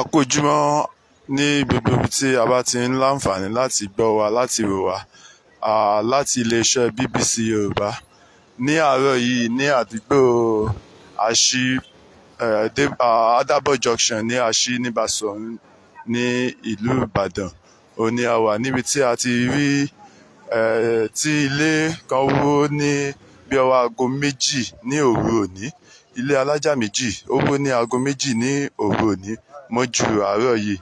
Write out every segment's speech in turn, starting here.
àkójúmọ́ ní gbogbo ibi tí a bá ti ń láǹfààní láti gbọ́ wa láti wò wá láti iléeṣẹ́ BBC Yorùbá ní àárọ̀ yìí ní àdúgbò àṣì Adábọ̀ junction ní àṣì níbàṣọ́ ní ìlú Ìbàdàn òní a wà níbi tí a ti rí tí ilé kan wó ní bí ọwọ́ aago méjì ní òru òní ilé alájà méjì ó wó ní aago méjì ní òru òní mọ́jú àárọ̀ yìí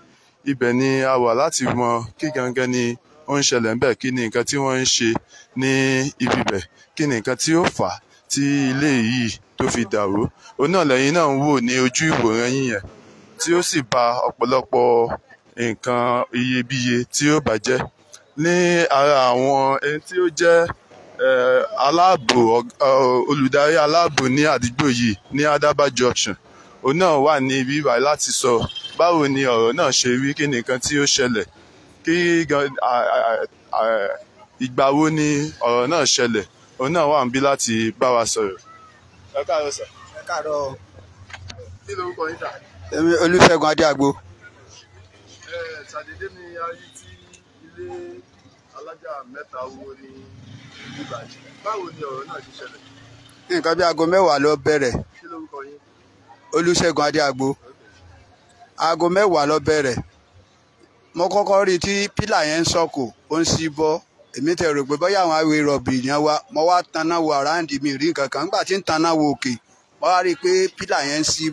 ibẹ̀ ni a wà láti mọ kí gangan ni ó ń ṣẹlẹ̀ ńbẹ̀ kí ni nǹkan tí wọ́n ń ṣe ní ibibẹ̀ kí ni nǹkan tí ó fà á tí ilé yìí tó fi dàrú òun náà lẹ́yìn náà ń wò ní ojú ìwòran yín yẹn tí ó sì ba ọ̀pọ̀lọpọ̀ nǹkan iyebíye tí ó bàjẹ́ ní ara àwọn ẹni tí ó jẹ́ aláàbò olùdarí aláàbò ní àdúgbò yìí ní Adaba junction òun náà wà ní ibi báyìí láti sọ báwo ni ọ̀rọ̀ náà ṣe rí kí nìkan tí ó ṣẹlẹ̀ kí ìgbà wo ni ọ̀rọ̀ náà ṣẹlẹ̀ òun náà wà ń bí láti bá wa sọ̀rọ̀. ẹ káàárọ̀ sà. ẹ káàárọ̀ o. kí ló ń kọ yín dà. èmi Olúṣẹ́gun Adéagbo. ẹ ṣàdédé ni a rí tí ilé alájà mẹ́ta wo ni ìbàjẹ́ báwo ni ọ̀rọ̀ náà ṣe ṣẹlẹ̀. nǹkan bí aago mẹ́wàá ló bẹ̀rẹ̀. kí ló aago mẹ́wàá lọ bẹ̀rẹ̀ mo kọ́kọ́ rí i tí pílà yẹn ń sọ̀kò ó ń sí bọ́ èmi tẹ̀ rò pé bóyá àwọn rọ̀bì yẹn wá mo wá taná wo àráǹdì mi tí ń taná òkè mo wá rí i pé pílà yẹn ń sí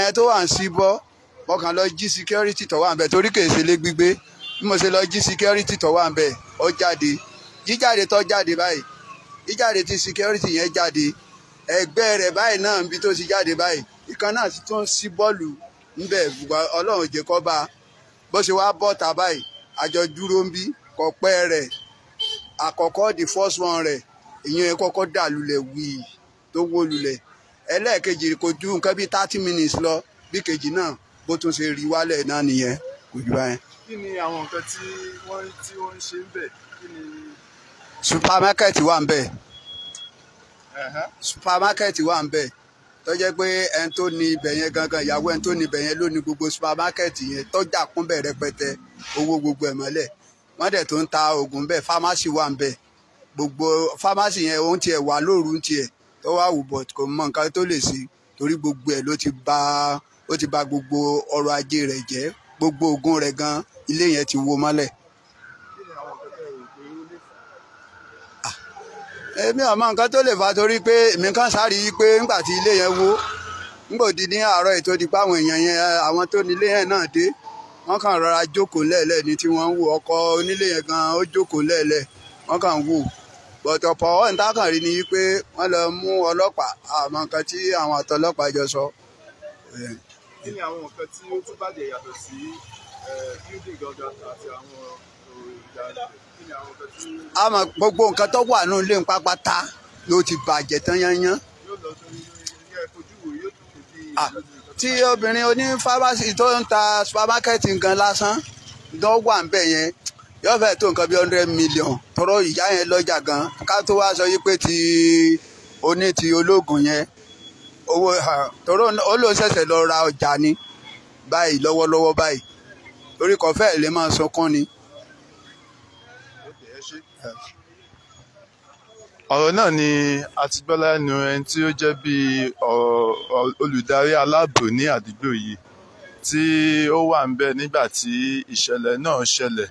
yẹn tó wà ń sí bọ́ mo kàn lọ jí torí ṣe lé gbígbé bí mo ṣe lọ jí jáde jíjáde ti yẹn jáde ẹgbẹ́ rẹ̀ báyìí náà tó ti jáde báyìí ìkan náà ti ńbẹ̀ gbogbo ọlọ́run jẹ́ kọ́ bá a bó ṣe wá bọ́ ta báyìí àjọ dúró ń bí kọ̀pẹ́ rẹ̀ àkọ́kọ́ the first one rẹ̀ ìyẹn kọ́kọ́ dà lulẹ̀ wíì tó wó lulẹ̀ ẹlẹ́ẹ̀kejì kò ju nǹkan bíi thirty minutes lọ bí kejì náà bó tún ṣe rí wálẹ̀ náà nìyẹn kò jù báyẹn. kí ni àwọn nǹkan tí wọ́n tí wọ́n ṣe ń bẹ̀ kí ni. supermarket wà ń bẹ̀ supermarket wà ń bẹ̀ tó jẹ́ pé ẹni tó ní ibẹ̀ yẹn gangan ìyàwó ẹni tó ní ibẹ̀ yẹn ló ní gbogbo supermarket yẹn tọ́jà kúnbẹ̀ rẹpẹtẹ owó gbogbo ẹ̀ mọ́lẹ̀ wọ́n dẹ̀ tó ń ta oògùn bẹ́ẹ̀ fámásì wà ń bẹ̀ gbogbo fámásì yẹn òun tiẹ̀ wà lóru tiẹ̀ tó wà wù bọ̀ kò mọ nǹkan tó lè sí torí gbogbo ẹ̀ ló ti bà gbogbo ọrọ̀ ajé rẹ̀ jẹ́ gbogbo oògùn rẹ̀ gan ilé yẹn ti wó mọ́lẹ̀ èmi àmọ́ nǹkan tó lè fa torí pé èmi kan sáré yí pé ńgbà tí ilé yẹn wó ńgbò di ní àárọ̀ ètò ìdìpá àwọn èèyàn yẹn àwọn tó nílé yẹn náà dé wọ́n kàn rọra jókòó lẹ́ẹ̀lẹ́ ni tí wọ́n ń wò ọkọ onílé yẹn gan ó jókòó lẹ́ẹ̀lẹ́ wọ́n kàn ń wò bọ̀tọ̀ pọ̀ ọ́ níta kàn rí ni wípé wọ́n lọ mú ọlọ́pàá àmọ́ nǹkan tí àwọn àtọlọ́pàá jọ sọ. kí ni àwọn nǹkan tí ó tún bàjẹ́ yàtọ̀ sí eh, àmọ́ gbogbo nǹkan tó wà nínú ilé pápátá ló ti bàjẹ́ tán yányán. tí obìnrin oní fábásì tó ń ta supermarket gan lásán tó wà ń yẹn yóò fẹ́ tó nǹkan hundred million tọrọ ìyá yẹn lọ́jà gan ká tó wá sọ yí pé ti oní ti ológun yẹn owó tọrọ ó ló ṣẹ̀ṣẹ̀ lọ ra ọjà ni báyìí lọ́wọ́lọ́wọ́ báyìí torí kò fẹ́ẹ̀ lè máa ni. ọ̀rọ̀ náà ni a ti gbọ́ lẹ́nu ẹni tí ó jẹ́ bí olùdarí aláàbò ní àdúgbò yìí tí ó wà ń bẹ nígbà tí ìṣẹ̀lẹ̀ náà ṣẹlẹ̀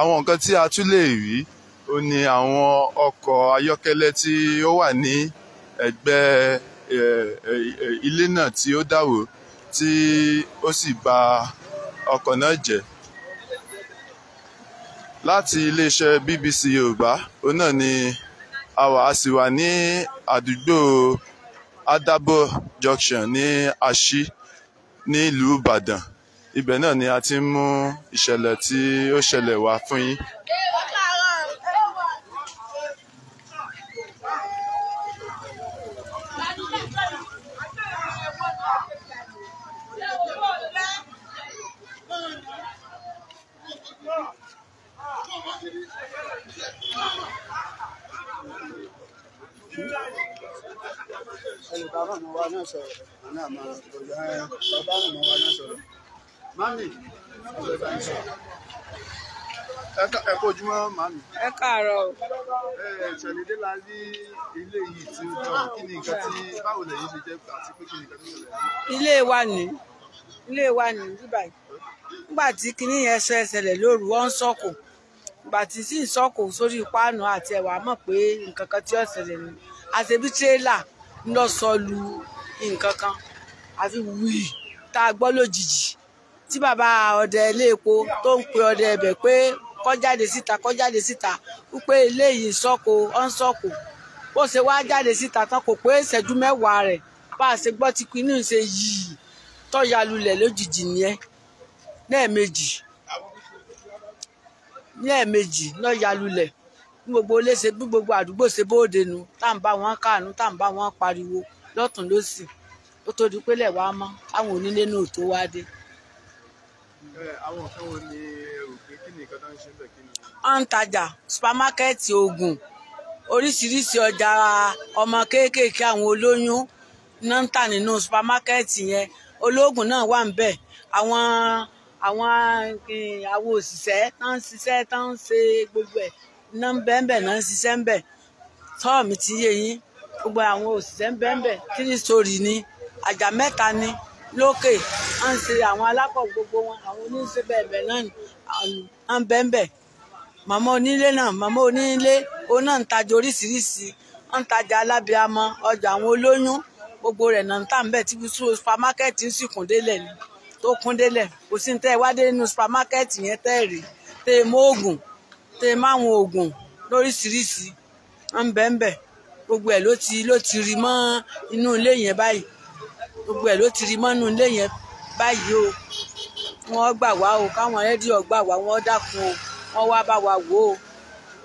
àwọn nǹkan tí a tún lè rí ó ní àwọn ọkọ̀ ayọ́kẹ́lẹ́ tí ó wà ní ẹ̀gbẹ́ ilé náà tí ó dàwó tí ó sì bà ọkọ̀ náà jẹ́ láti iléeṣẹ́ BBC Yorùbá òun náà ni àwa a sì wà ní àdúgbò Adabo junction ní Aṣí ní Ìbàdàn ibẹ̀ náà ni a ti ń mú ìṣẹ̀lẹ̀ tí ó ṣẹlẹ̀ wá fún yín. ẹnìkan bá mọ wa náà sọ̀rọ̀ àná àmọ́ ọjọ́ ẹ bàbá mọ wa náà sọ̀rọ̀ mami ẹ kó ojúmọ́ mami. ẹ káàárọ̀ o. ẹ ṣẹlẹdẹ la rí ilé yìí tí ó jọ kí ni nǹkan tí báwo lè yín ṣe jẹ àti pé kí ni nǹkan tí ó lè. ilé wa ni ilé wa ni bíbáyìí nígbà tí kinní yẹn ṣẹlẹ̀ lóru wọn ń sọkò. ìgbà Nsọkụ sí Ipanu sórí àti ẹwà mọ̀ pé nǹkan kan tí ó ṣẹlẹ̀ ni àṣebí tírélà ń lọ sọ lu nǹkan kan àti wíì tá a gbọ́ lójijì tí bàbá ọdẹ ilé tó ń pe ọdẹ ẹ̀bẹ̀ pé kọjáde síta síta wípé eléyìí bó ṣe wá jáde síta tán kò pé ìṣẹ́jú mẹ́wàá rẹ̀ bá a ṣe lẹ́ẹ̀mejì náà ya lulẹ̀ bí gbogbo léṣe bí gbogbo àdúgbò ṣe bóde nu tá à ń bá wọn káàánú tá à ń bá wọn pariwo lọ́tún lọ́sì ó tó di pélé wa mọ́ táwọn onílé náà tó wá dé. àwọn kan wo ni èrò pé kí ni nǹkan tó ń ṣe bẹ́ẹ̀ kí ni. à ń tajà supamákẹ́ẹ̀tì oògùn oríṣiríṣi ọjà ọmọ kéékèèké àwọn olóyún náà ń tà nínú supamákẹ́ẹ̀tì yẹn olóògùn náà wà ń bẹ̀ àwọn. Awa àwọn eh, àwọn òṣìṣẹ́ tán ń ṣiṣẹ́ tán ń ṣe gbogbo ẹ̀ náà ń bẹ́ẹ̀ náà ń ṣiṣẹ́ ń bẹ̀ tọ́ọ̀mù ti yé yín gbogbo àwọn òṣìṣẹ́ ń bẹ́ẹ̀ three story ni àjà mẹ́ta ni lókè à ń ṣe àwọn alákọ̀ gbogbo wọn àwọn oníṣẹ́ bẹ́ẹ̀ bẹ́ẹ̀ náà à ń bẹ́ẹ̀ bẹ́ẹ̀ màmá onílé náà màmá onílé òun náà ń tajà oríṣiríṣi ń tajà alábìámọ ọjà àwọn olóyún gbogbo rẹ̀ náà ń tà ń bẹ̀ tí supermarket ń sì kún délẹ̀ ni tó kún délẹ̀ kò sí ní tẹ́ ẹ wá dé nínú supermarket yẹn tẹ́ ẹ rí tẹ́ ẹ mọ oògùn tẹ́ ẹ máwọn oògùn lóríṣiríṣi ń gbogbo ẹ̀ ló ti ló ti rí mọ́ inú ilé yẹn báyìí gbogbo ẹ̀ ló ti rí mọ́ inú ilé yẹn báyìí o wọ́n gbà wá o káwọn rédíò gbà wá wọ́n dákun o wọ́n wá bá wa wò ó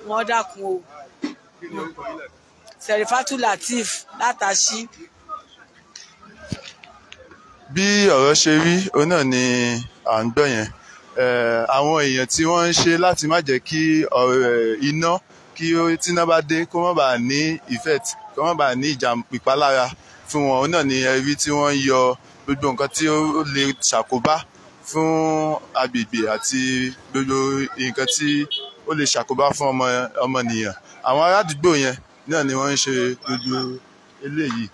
wọ́n dákun o Serifatu Lateef látàṣí bí ọ̀rọ̀ ṣe rí òun náà ni à ń gbọ́ yẹn àwọn èèyàn tí wọ́n ń ṣe láti má jẹ́ kí iná kí tíná bá dé kó má bàa ní effect kó má bàa ní ìpalára fún wọn òun náà ni ẹrí tí wọ́n ń yọ gbogbo nǹkan tí ó lè ṣàkóbá fún agbègbè àti gbogbo nǹkan tí ó lè ṣàkóbá fún ọmọnìyàn àwọn ará àdúgbò yẹn náà ni wọ́n ń ṣe gbogbo eléyìí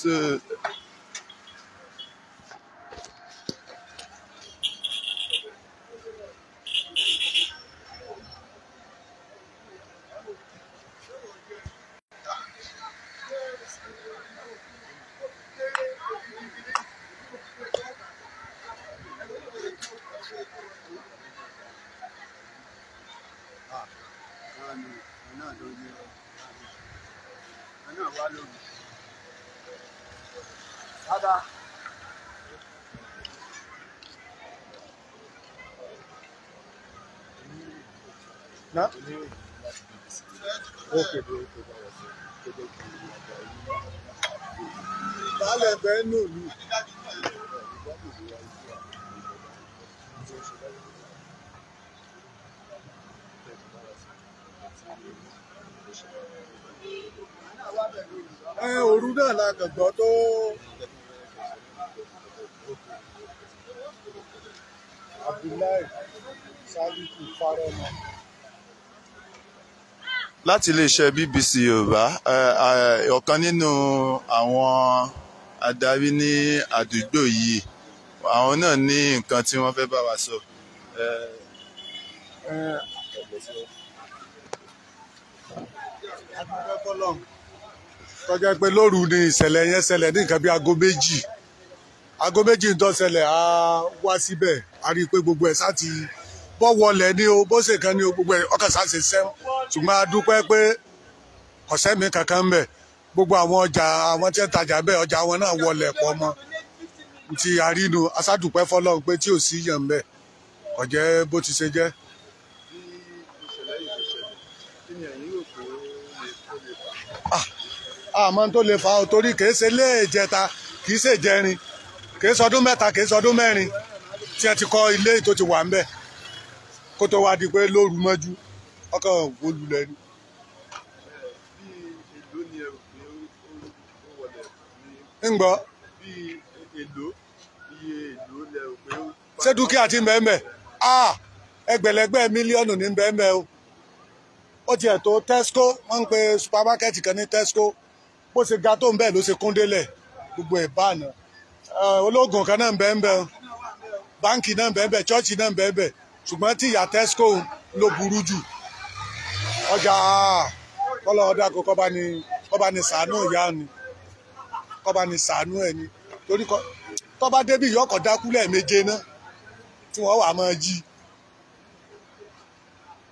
so Na? Okay, bro. Okay, Baálẹ̀ bẹ́ẹ̀ nù òru náà la gbọ̀ngbọ́ tó. Abdullahi Saliku Faroma láti iléeṣẹ́ BBC Yorùbá ọ̀kan nínú àwọn adarí ní àdúgbò yìí àwọn náà ní nǹkan tí wọ́n fẹ́ bá wa sọ. tọ́jà pé lóru ni ìṣẹ̀lẹ̀ yẹn ṣẹlẹ̀ ní nǹkan bí aago méjì aago méjì ń tó ṣẹlẹ̀ á wá síbẹ̀ a rí i pé gbogbo ẹ̀ sá ti. bọ́ wọlé ni o bó ṣe kan ni o gbogbo ẹ̀ ọkàn sáṣe sẹ́m ṣùgbọ́n a dúpẹ́ pé kọ̀sẹ́mi kankan bẹ̀ gbogbo àwọn ọjà àwọn tí ń tajà bẹ́ẹ̀ ọjà wọn náà wọlé pọ̀ mọ́ ti àrínu aṣáàdùpẹ́ fọlọ́run pé tí ò sí yàn bẹ́ẹ̀ kò jẹ́ bó ti ṣe jẹ́. àmọ́ ah, tó lè fa o torí kìí ṣe léèjẹta ṣe jẹrin mẹ́ta mẹ́rin tí ẹ kó tó wá di pé lóru mọ́jú ọkọ̀ wó lulẹ̀ ni. ń gbọ́. ṣé dúkìá ti mẹ́mẹ́ ẹgbẹ̀lẹ́gbẹ̀ mílíọ̀nù ní bẹ́ẹ̀mẹ́ o ó tiẹ̀ tó Tesco wọ́n ń pe supamakẹ́ẹ̀tì kan ní Tesco bó ṣe ga tó ń bẹ́ẹ̀ ló ṣe kún délẹ̀ gbogbo ẹ̀ bá àná ológun kan náà ń bẹ́ẹ̀ ń bẹ́ẹ̀ báńkì náà ń bẹ́ẹ̀ bẹ́ẹ̀ chọ́ọ̀chì náà ń bẹ́ẹ̀ bẹ́ẹ̀ ṣùgbọ́n tí ìyá Tesco ló burú jù ọjà kọ́lọ́ ọ̀dàkọ̀ kọ́ba ni kọ́ba ni sàánú ìyá ni kọ́ba ni sàánú ẹ̀ ni torí tọ́ba débi ìyọ́kọ̀ dákú lẹ́ẹ̀méje náà tí wọ́n wà máa jí.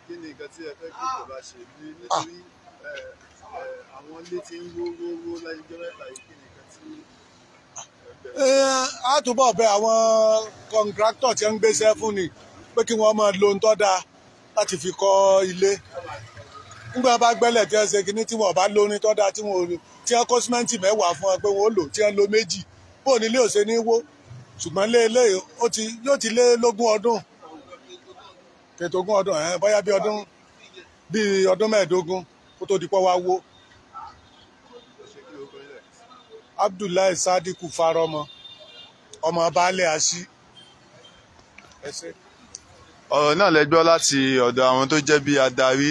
kí ni nǹkan tí ẹ fẹ́ kí ìjọba ṣe ní nítorí ah. àwọn ilé tí ń wó wó wó lẹ́yìnjọ́ mẹ́ta yìí kí ni nǹkan tí. Eh, a túbọ̀ bẹ àwọn kọ̀ǹtráktọ̀ tí ń gbéṣẹ́ fún ni pé kí wọ́n máa lo ohun tó dáa láti fi kọ́ ilé nígbà bá gbẹ́lẹ̀ tí wọ́n ṣe kínní tí wọ́n bá lo orin tó dáa tí wọ́n kó símẹ́ǹtì mẹ́wàá fún wọn pé wọ́n lò tí wọ́n lo méjì bó o nílé òṣè ní wó ṣùgbọ́n lé ilé yóò ti lé lógún ọdún kẹtọ ogún ọdún ẹ̀ bóyá bí ọdún bíi ọdún mẹ́ẹ̀ẹ́dógún kó tó di pọ́ wá wó Abdullahi Sadiku Farọmọ ọmọ baálé àṣì ẹsẹ ọ̀rọ̀ náà lẹ gbọ́ láti ọ̀dọ̀ àwọn tó jẹ́ bí adarí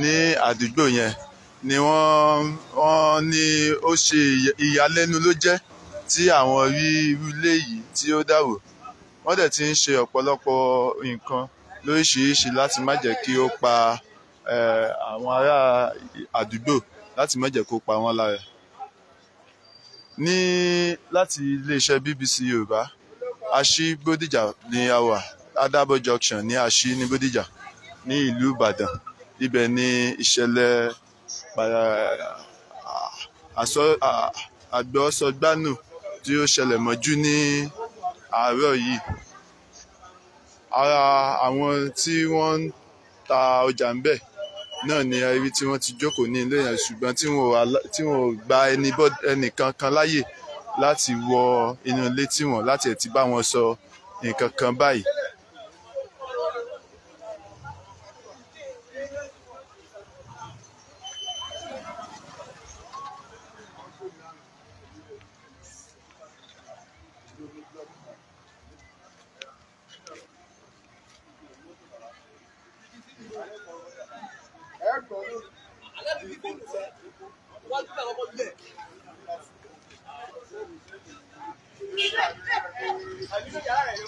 ní àdúgbò yẹn ni wọ́n wọ́n ní ó ṣe ìyàlẹ́nu ló jẹ́ tí àwọn rí irú ilé yìí tí ó dàrò wọ́n dẹ̀ ti ń ṣe ọ̀pọ̀lọpọ̀ nǹkan lóríṣiríṣi láti má jẹ́ kí ó pa àwọn ará àdúgbò láti má jẹ́ kó pa wọ́n lára ní láti iléeṣẹ́ BBC Yorùbá Aṣíbódìjà ni a wà adabo junction ní aṣí ní bódìjà ní ìlú ìbàdàn ibẹ̀ ni ìṣẹ̀lẹ̀ eh, àgbọ̀sọgbánù tí ó ṣẹlẹ̀ mọ́jú ní àárọ̀ yìí ara àwọn tí wọ́n ń ta ọjà ń bẹ̀ náà ni ẹrí tí wọ́n ti jókòó ní ilé yẹn ṣùgbọ́n tí wọ́n ò gba ẹnìkan kan láàyè láti wọ inú ilé tí wọ́n láti ẹ̀ ti bá wọn sọ nǹkan kan báyìí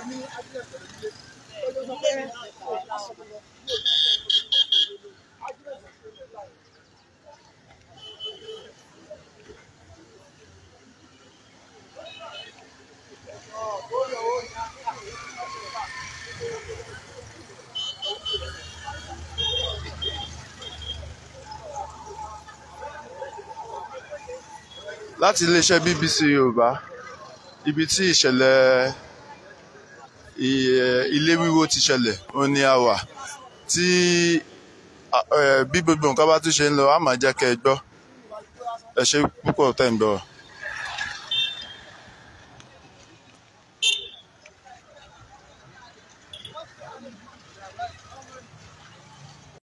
láti iléeṣẹ́ BBC Yorùbá ibi tí ìṣẹ̀lẹ̀ ilé wíwó ti ṣẹlẹ̀ òun ni a wà tí bí gbogbo nǹkan bá tún ṣe ń lọ a máa jẹ́ kẹ́ ẹ gbọ́ ẹ ṣe púpọ̀ tẹ̀ ń bọ̀.